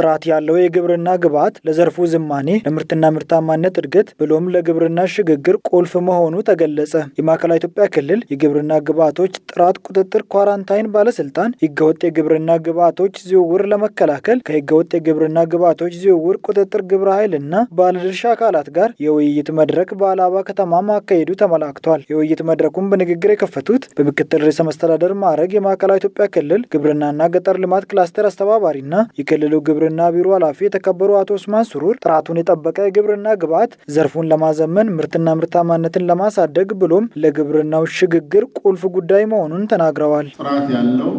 ጥራት ያለው የግብርና ግብዓት ለዘርፉ ዝማኔ፣ ለምርትና ምርታማነት እድገት ብሎም ለግብርና ሽግግር ቁልፍ መሆኑ ተገለጸ። የማዕከላዊ ኢትዮጵያ ክልል የግብርና ግብዓቶች ጥራት ቁጥጥር ኳራንታይን ባለስልጣን ህገወጥ የግብርና ግብዓቶች ዝውውር ለመከላከል ከህገወጥ የግብርና ግብዓቶች ዝውውር ቁጥጥር ግብረ ኃይል ባለድርሻ አካላት ጋር የውይይት መድረክ በአላባ ከተማ ማካሄዱ ተመላክቷል። የውይይት መድረኩን በንግግር የከፈቱት በምክትል ርዕሰ መስተዳደር ማዕረግ የማዕከላዊ ኢትዮጵያ ክልል ግብርናና ገጠር ልማት ክላስተር አስተባባሪና የክልሉ ግብርና የግብርና ቢሮ ኃላፊ የተከበሩ አቶ ኡስማን ስሩር ጥራቱን የጠበቀ የግብርና ግብዓት ዘርፉን ለማዘመን ምርትና ምርታማነትን ለማሳደግ ብሎም ለግብርናው ሽግግር ቁልፍ ጉዳይ መሆኑን ተናግረዋል። ጥራት ያለው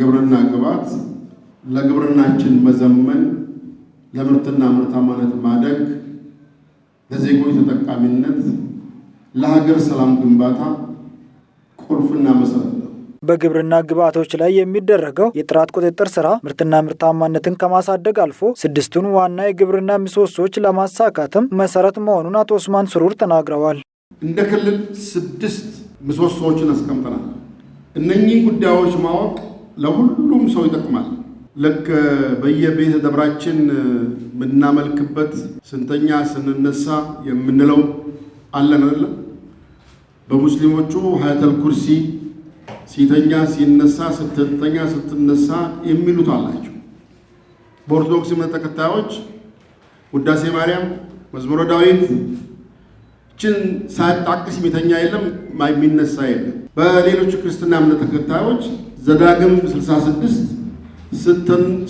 ግብርና ግብዓት ለግብርናችን መዘመን፣ ለምርትና ምርታማነት ማደግ፣ ለዜጎች ተጠቃሚነት፣ ለሀገር ሰላም ግንባታ ቁልፍና መሰረት በግብርና ግብዓቶች ላይ የሚደረገው የጥራት ቁጥጥር ስራ ምርትና ምርታማነትን ከማሳደግ አልፎ ስድስቱን ዋና የግብርና ምሰሶዎች ለማሳካትም መሰረት መሆኑን አቶ ኡስማን ስሩር ተናግረዋል። እንደ ክልል ስድስት ምሰሶዎችን አስቀምጠናል። እነኚህ ጉዳዮች ማወቅ ለሁሉም ሰው ይጠቅማል። ልክ በየቤተ ደብራችን የምናመልክበት ስንተኛ ስንነሳ የምንለው አለን አይደለም። በሙስሊሞቹ ሀያተል ኩርሲ ሲተኛ ሲነሳ፣ ስትተኛ ስትነሳ የሚሉት አላቸው። በኦርቶዶክስ እምነት ተከታዮች ውዳሴ ማርያም፣ መዝሙረ ዳዊት ችን ሳያጣቅስ የሚተኛ የለም የሚነሳ የለም። በሌሎቹ ክርስትና እምነት ተከታዮች ዘዳግም 66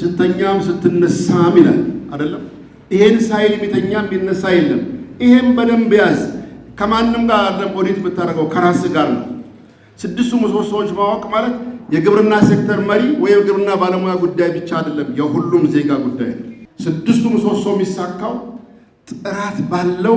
ስተኛም ስትነሳም ይላል አይደለም። ይሄን ሳይል የሚተኛ የሚነሳ የለም። ይሄም በደንብ ያዝ። ከማንም ጋር አለም ወዴት የምታደርገው ከራስ ጋር ነው። ስድስቱ ምሰሶዎች ማወቅ ማለት የግብርና ሴክተር መሪ ወይም የግብርና ባለሙያ ጉዳይ ብቻ አይደለም፣ የሁሉም ዜጋ ጉዳይ ነው። ስድስቱ ምሰሶ የሚሳካው ጥራት ባለው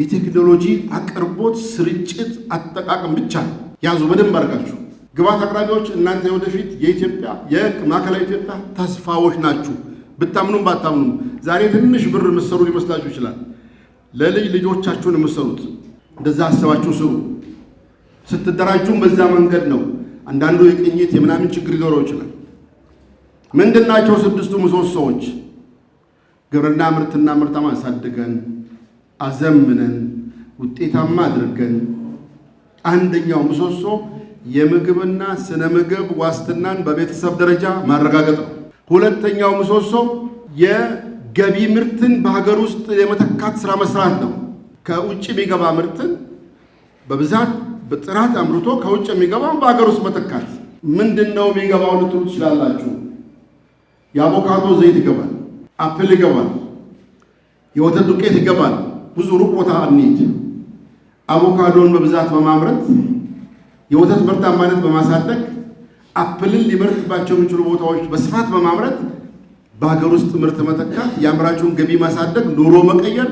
የቴክኖሎጂ አቅርቦት፣ ስርጭት፣ አጠቃቀም ብቻ ነው። ያዙ በደንብ አድርጋችሁ። ግባት አቅራቢዎች እናንተ ወደፊት የኢትዮጵያ የማዕከላዊ ኢትዮጵያ ተስፋዎች ናችሁ። ብታምኑም ባታምኑም ዛሬ ትንሽ ብር የምትሰሩ ሊመስላችሁ ይችላል። ለልጅ ልጆቻችሁን የምትሰሩት እንደዛ አስባችሁ ስሩ። ስትደራጁም በዛ መንገድ ነው። አንዳንዱ የቅኝት የምናምን ችግር ሊኖረው ይችላል። ምንድን ናቸው ስድስቱ ምሰሶዎች? ግብርና ምርትና ምርታማ አሳድገን አዘምነን ውጤታማ አድርገን አንደኛው ምሰሶ የምግብና ስነ ምግብ ዋስትናን በቤተሰብ ደረጃ ማረጋገጥ ነው። ሁለተኛው ምሰሶ የገቢ ምርትን በሀገር ውስጥ የመተካት ስራ መስራት ነው። ከውጭ የሚገባ ምርትን በብዛት በጥራት አምርቶ ከውጭ የሚገባውን በሀገር ውስጥ መተካት። ምንድን ነው የሚገባው ልትሉ ትችላላችሁ። የአቮካዶ ዘይት ይገባል፣ አፕል ይገባል፣ የወተት ዱቄት ይገባል። ብዙ ሩቅ ቦታ እንሂድ። አቮካዶን በብዛት በማምረት የወተት ምርታማነት በማሳደግ አፕልን ሊመርትባቸው የሚችሉ ቦታዎች በስፋት በማምረት በሀገር ውስጥ ምርት መተካት፣ የአምራቹን ገቢ ማሳደግ፣ ኑሮ መቀየር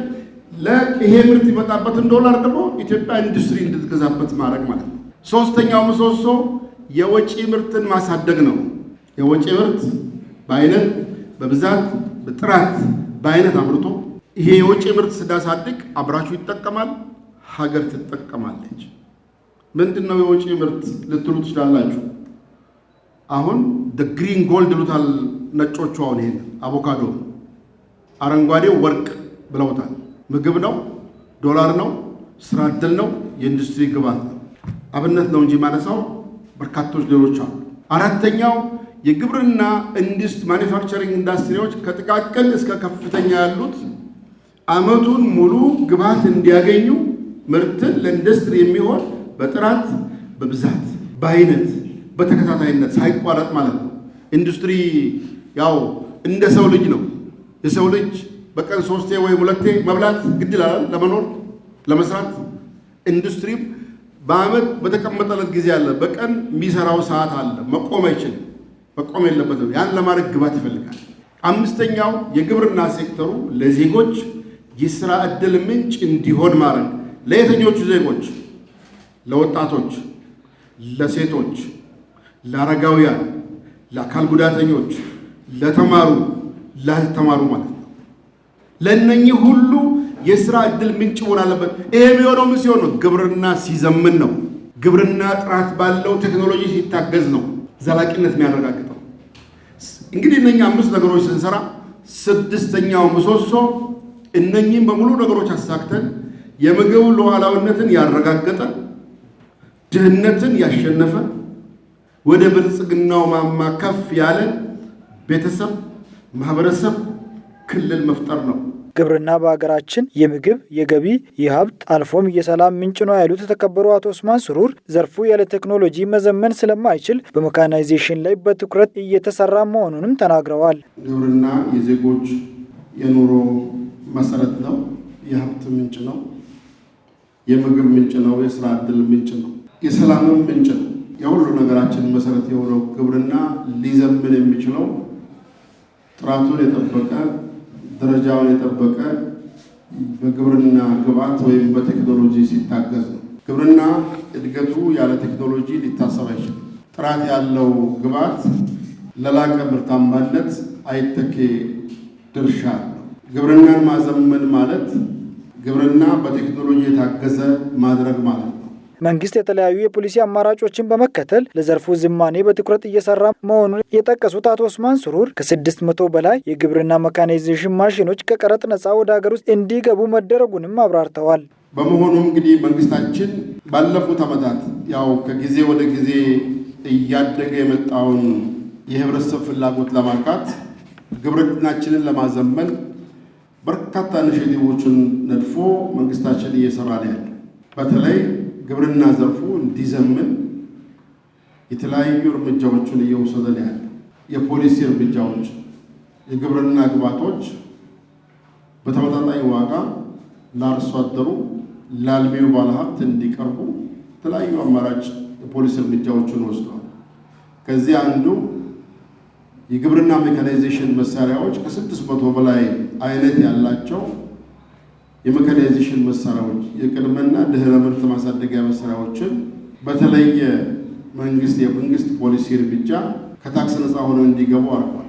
ለይሄ ምርት ይመጣበትን ዶላር ደግሞ ኢትዮጵያ ኢንዱስትሪ እንድትገዛበት ማድረግ ማለት ነው። ሶስተኛው ምሰሶ የወጪ ምርትን ማሳደግ ነው። የወጪ ምርት በአይነት፣ በብዛት፣ በጥራት፣ በአይነት አምርቶ ይሄ የወጪ ምርት ስናሳድግ አምራቹ ይጠቀማል፣ ሀገር ትጠቀማለች። ምንድን ነው የወጪ ምርት ልትሉ ትችላላችሁ። አሁን ግሪን ጎልድ ይሉታል ነጮቹ። አሁን ይሄን አቮካዶ አረንጓዴው ወርቅ ብለውታል። ምግብ ነው፣ ዶላር ነው፣ ስራ እድል ነው፣ የኢንዱስትሪ ግብዓት ነው። አብነት ነው እንጂ ማነሳው በርካቶች ሌሎች አሉ። አራተኛው የግብርና ኢንዱስት ማኒፋክቸሪንግ ኢንዱስትሪዎች ከጥቃቅን እስከ ከፍተኛ ያሉት አመቱን ሙሉ ግብዓት እንዲያገኙ ምርትን ለኢንዱስትሪ የሚሆን በጥራት በብዛት በአይነት በተከታታይነት ሳይቋረጥ ማለት ነው። ኢንዱስትሪ ያው እንደ ሰው ልጅ ነው። የሰው ልጅ በቀን ሶስቴ ወይም ሁለቴ መብላት ግድላል ለመኖር ለመስራት። ኢንዱስትሪም በአመት በተቀመጠለት ጊዜ አለ፣ በቀን የሚሰራው ሰዓት አለ። መቆም አይችልም፣ መቆም የለበትም። ያን ለማድረግ ግባት ይፈልጋል። አምስተኛው የግብርና ሴክተሩ ለዜጎች የስራ እድል ምንጭ እንዲሆን ማድረግ። ለየትኞቹ ዜጎች? ለወጣቶች፣ ለሴቶች፣ ለአረጋውያን፣ ለአካል ጉዳተኞች፣ ለተማሩ፣ ላልተማሩ ማለት ነው። ለእነኚህ ሁሉ የስራ እድል ምንጭ መሆን አለበት። ይሄ የሚሆነው ምን ሲሆን ነው? ግብርና ሲዘምን ነው። ግብርና ጥራት ባለው ቴክኖሎጂ ሲታገዝ ነው ዘላቂነት የሚያረጋግጠው። እንግዲህ እነ አምስት ነገሮች ስንሰራ ስድስተኛው ምሰሶ እነኚህም በሙሉ ነገሮች አሳክተን የምግብ ሉዓላዊነትን ያረጋገጠ ድህነትን ያሸነፈ ወደ ብልጽግናው ማማ ከፍ ያለ ቤተሰብ፣ ማህበረሰብ፣ ክልል መፍጠር ነው። ግብርና በሀገራችን የምግብ የገቢ የሀብት አልፎም የሰላም ምንጭ ነው ያሉት የተከበሩ አቶ ኡስማን ስሩር ዘርፉ ያለ ቴክኖሎጂ መዘመን ስለማይችል በመካናይዜሽን ላይ በትኩረት እየተሰራ መሆኑንም ተናግረዋል። ግብርና የዜጎች የኑሮ መሰረት ነው፣ የሀብት ምንጭ ነው፣ የምግብ ምንጭ ነው፣ የስራ ዕድል ምንጭ ነው፣ የሰላምም ምንጭ ነው። የሁሉ ነገራችን መሰረት የሆነው ግብርና ሊዘምን የሚችለው ጥራቱን የጠበቀ ደረጃውን የጠበቀ በግብርና ግብዓት ወይም በቴክኖሎጂ ሲታገዝ ነው። ግብርና እድገቱ ያለ ቴክኖሎጂ ሊታሰብ አይችልም። ጥራት ያለው ግብዓት ለላቀ ምርታማነት አይተኬ ድርሻ አለው። ግብርናን ማዘመን ማለት ግብርና በቴክኖሎጂ የታገዘ ማድረግ ማለት ነው። መንግስት የተለያዩ የፖሊሲ አማራጮችን በመከተል ለዘርፉ ዝማኔ በትኩረት እየሰራ መሆኑን የጠቀሱት አቶ ኡስማን ስሩር ከስድስት መቶ በላይ የግብርና መካናይዜሽን ማሽኖች ከቀረጥ ነጻ ወደ ሀገር ውስጥ እንዲገቡ መደረጉንም አብራርተዋል። በመሆኑ እንግዲህ መንግስታችን ባለፉት ዓመታት ያው ከጊዜ ወደ ጊዜ እያደገ የመጣውን የህብረተሰብ ፍላጎት ለማርካት ግብርናችንን ለማዘመን በርካታ ኢኒሼቲቮችን ነድፎ መንግስታችን እየሰራ ነው ያለው በተለይ ግብርና ዘርፉ እንዲዘምን የተለያዩ እርምጃዎችን እየወሰደ ነው ያለ የፖሊሲ እርምጃዎች፣ የግብርና ግብዓቶች በተመጣጣኝ ዋጋ ለአርሶ አደሩ ለአልሚው ባለሀብት እንዲቀርቡ የተለያዩ አማራጭ የፖሊሲ እርምጃዎችን ወስደዋል። ከዚህ አንዱ የግብርና ሜካናይዜሽን መሳሪያዎች ከስድስት መቶ በላይ አይነት ያላቸው የመካናይዜሽን መሳሪያዎች፣ የቅድመና ድህረ ምርት ማሳደጊያ መሳሪያዎችን በተለየ መንግስት የመንግስት ፖሊሲ እርምጃ ከታክስ ነፃ ሆነው እንዲገቡ አድርጓል።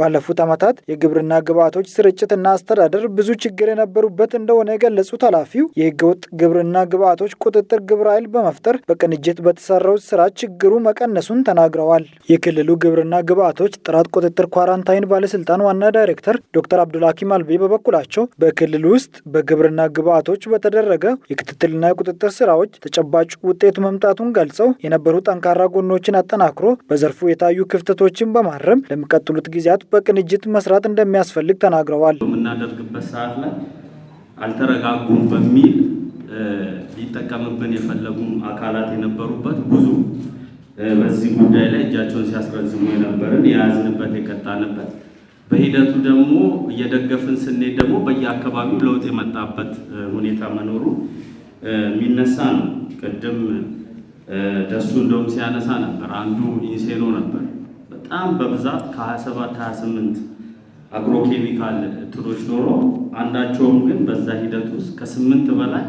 ባለፉት ዓመታት የግብርና ግብዓቶች ስርጭትና አስተዳደር ብዙ ችግር የነበሩበት እንደሆነ የገለጹት ኃላፊው የህገወጥ ግብርና ግብዓቶች ቁጥጥር ግብረ ኃይል በመፍጠር በቅንጅት በተሰራው ስራ ችግሩ መቀነሱን ተናግረዋል። የክልሉ ግብርና ግብዓቶች ጥራት ቁጥጥር ኳራንታይን ባለስልጣን ዋና ዳይሬክተር ዶክተር አብዱልሐኪም አልቤ በበኩላቸው በክልሉ ውስጥ በግብርና ግብዓቶች በተደረገ የክትትልና የቁጥጥር ስራዎች ተጨባጭ ውጤት መምጣቱን ገልጸው የነበሩ ጠንካራ ጎኖችን አጠናክሮ በዘርፉ የታዩ ክፍተቶችን በማረም ለሚቀጥሉት ጊዜያት በቅንጅት መስራት እንደሚያስፈልግ ተናግረዋል። የምናደርግበት ሰዓት ላይ አልተረጋጉም በሚል ሊጠቀምብን የፈለጉ አካላት የነበሩበት ብዙ በዚህ ጉዳይ ላይ እጃቸውን ሲያስረዝሙ የነበርን የያዝንበት የቀጣንበት በሂደቱ ደግሞ እየደገፍን ስንሄድ ደግሞ በየአካባቢው ለውጥ የመጣበት ሁኔታ መኖሩ የሚነሳ ነው። ቅድም ደሱ እንደውም ሲያነሳ ነበር። አንዱ ኢንሴኖ ነበር። በጣም በብዛት ከ27 28 አግሮኬሚካል እትሎች ኖሮ አንዳቸውም ግን በዛ ሂደት ውስጥ ከስምንት በላይ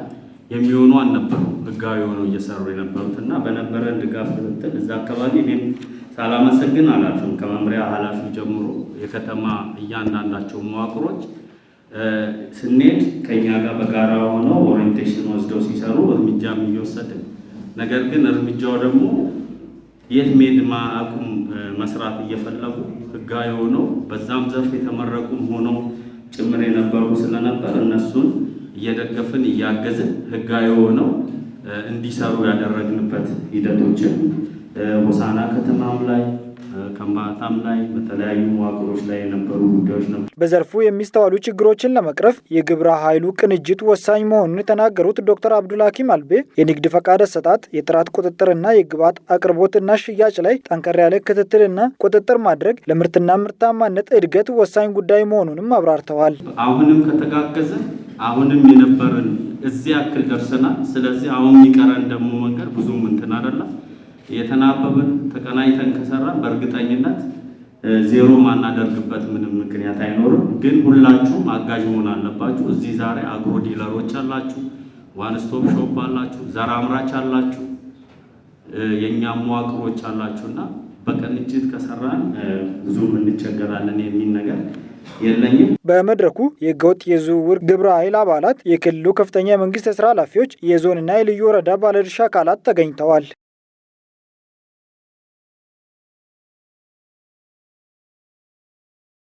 የሚሆኑ አልነበሩ ህጋዊ ሆነው እየሰሩ የነበሩት እና በነበረን ድጋፍ ክትትል እዛ አካባቢ እኔም ሳላመሰግን አላልፍም። ከመምሪያ ኃላፊ ጀምሮ የከተማ እያንዳንዳቸው መዋቅሮች ስንሄድ ከኛ ጋር በጋራ ሆነው ኦሪንቴሽን ወስደው ሲሰሩ እርምጃም እየወሰድን ነገር ግን እርምጃው ደግሞ የት ሜድ አቁም መስራት እየፈለጉ ህጋዊ ሆነው በዛም ዘርፍ የተመረቁም ሆነው ጭምር የነበሩ ስለነበር እነሱን እየደገፍን እያገዝን ህጋዊ ሆነው እንዲሰሩ ያደረግንበት ሂደቶችን ሆሳና ከተማም ላይ ከምባታም ላይ በተለያዩ መዋቅሮች ላይ የነበሩ ጉዳዮች ነበሩ። በዘርፉ የሚስተዋሉ ችግሮችን ለመቅረፍ የግብረ ኃይሉ ቅንጅት ወሳኝ መሆኑን የተናገሩት ዶክተር አብዱልሀኪም አልቤ የንግድ ፈቃድ አሰጣጥ፣ የጥራት ቁጥጥርና የግብዓት አቅርቦትና ሽያጭ ላይ ጠንከር ያለ ክትትልና ቁጥጥር ማድረግ ለምርትና ምርታማነት እድገት ወሳኝ ጉዳይ መሆኑንም አብራርተዋል። አሁንም ከተጋገዘ አሁንም የነበርን እዚህ ያክል ደርሰናል። ስለዚህ አሁን የሚቀረን ደግሞ መንገድ ብዙም እንትን አይደለም። የተናበብን ተቀናይተን ከሰራን በእርግጠኝነት ዜሮ ማናደርግበት ምንም ምክንያት አይኖርም። ግን ሁላችሁም አጋዥ መሆን አለባችሁ። እዚህ ዛሬ አግሮ ዲለሮች አላችሁ፣ ዋን ስቶፕ ሾፕ አላችሁ፣ ዘር አምራች አላችሁ፣ የእኛ መዋቅሮች አላችሁ እና በቅንጅት ከሰራን ብዙም እንቸገራለን የሚል ነገር የለኝም። በመድረኩ የህገወጥ የዝውውር ግብረ ኃይል አባላት፣ የክልሉ ከፍተኛ የመንግስት የስራ ኃላፊዎች፣ የዞንና የልዩ ወረዳ ባለድርሻ አካላት ተገኝተዋል።